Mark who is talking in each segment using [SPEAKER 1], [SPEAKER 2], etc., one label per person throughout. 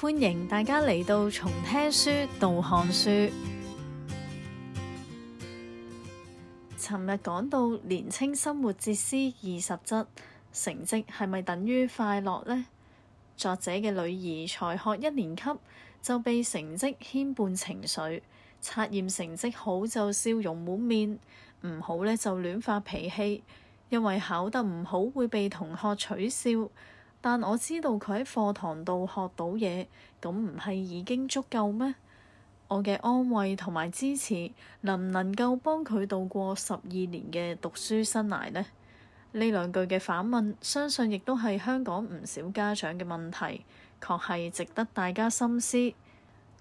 [SPEAKER 1] 歡迎大家嚟到從聽書到看書。尋日講到年青生活哲思二十則，成績係咪等於快樂呢？作者嘅女兒才學一年級，就被成績牽絆情緒，測驗成績好就笑容滿面，唔好呢就亂發脾氣，因為考得唔好會被同學取笑。但我知道佢喺課堂度學到嘢，咁唔係已經足夠咩？我嘅安慰同埋支持，能唔能夠幫佢度過十二年嘅讀書生涯呢？呢兩句嘅反問，相信亦都係香港唔少家長嘅問題，確係值得大家深思。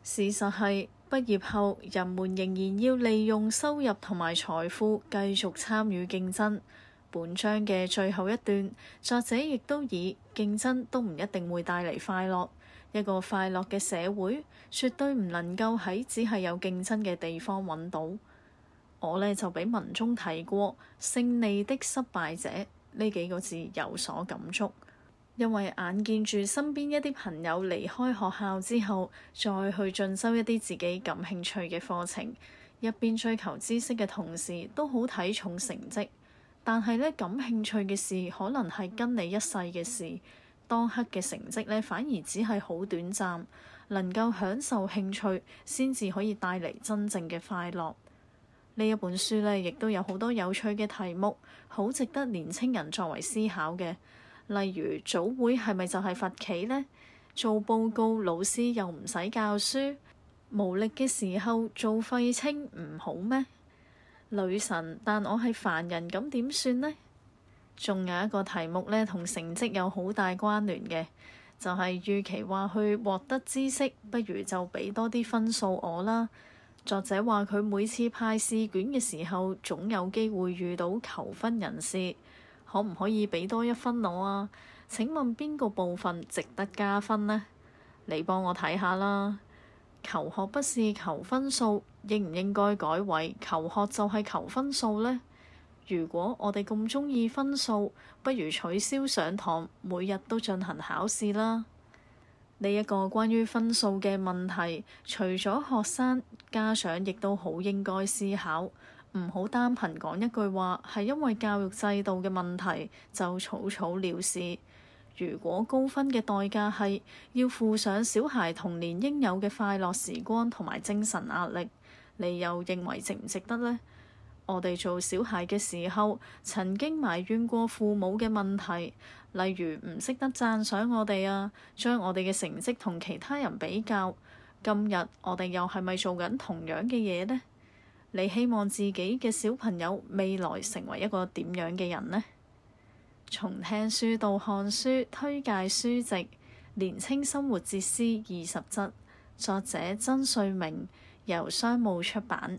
[SPEAKER 1] 事實係畢業後，人們仍然要利用收入同埋財富繼續參與競爭。本章嘅最後一段，作者亦都以競爭都唔一定會帶嚟快樂。一個快樂嘅社會，絕對唔能夠喺只係有競爭嘅地方揾到。我呢就俾文中提過勝利的失敗者呢幾個字有所感觸，因為眼見住身邊一啲朋友離開學校之後，再去進修一啲自己感興趣嘅課程，入面追求知識嘅同時，都好睇重成績，但係咧，感興趣嘅事可能係跟你一世嘅事，當刻嘅成績咧反而只係好短暫。能夠享受興趣，先至可以帶嚟真正嘅快樂。呢一本書咧，亦都有好多有趣嘅題目，好值得年青人作為思考嘅。例如早會係咪就係罰企呢？做報告老師又唔使教書，無力嘅時候做廢青唔好咩？女神，但我係凡人，咁點算呢？仲有一個題目呢，同成績有好大關聯嘅，就係與其話去獲得知識，不如就俾多啲分數我啦。作者話佢每次派試卷嘅時候，總有機會遇到求分人士，可唔可以俾多一分我啊？請問邊個部分值得加分呢？你幫我睇下啦。求學不是求分數，應唔應該改為求學就係求分數呢？如果我哋咁鍾意分數，不如取消上堂，每日都進行考試啦。呢一個關於分數嘅問題，除咗學生，家長亦都好應該思考，唔好單憑講一句話，係因為教育制度嘅問題就草草了事。如果高分嘅代價，係要付上小孩童年應有嘅快樂時光同埋精神壓力，你又認為值唔值得咧？我哋做小孩嘅時候，曾經埋怨過父母嘅問題，例如唔識得讚賞我哋啊，將我哋嘅成績同其他人比較，今日我哋又係咪做緊同樣嘅嘢？咧你希望自己嘅小朋友未來成為一個點樣嘅人咧？從聽書到看書，推介書籍《年青生活哲思二十則》作者曾瑞明，由商務出版。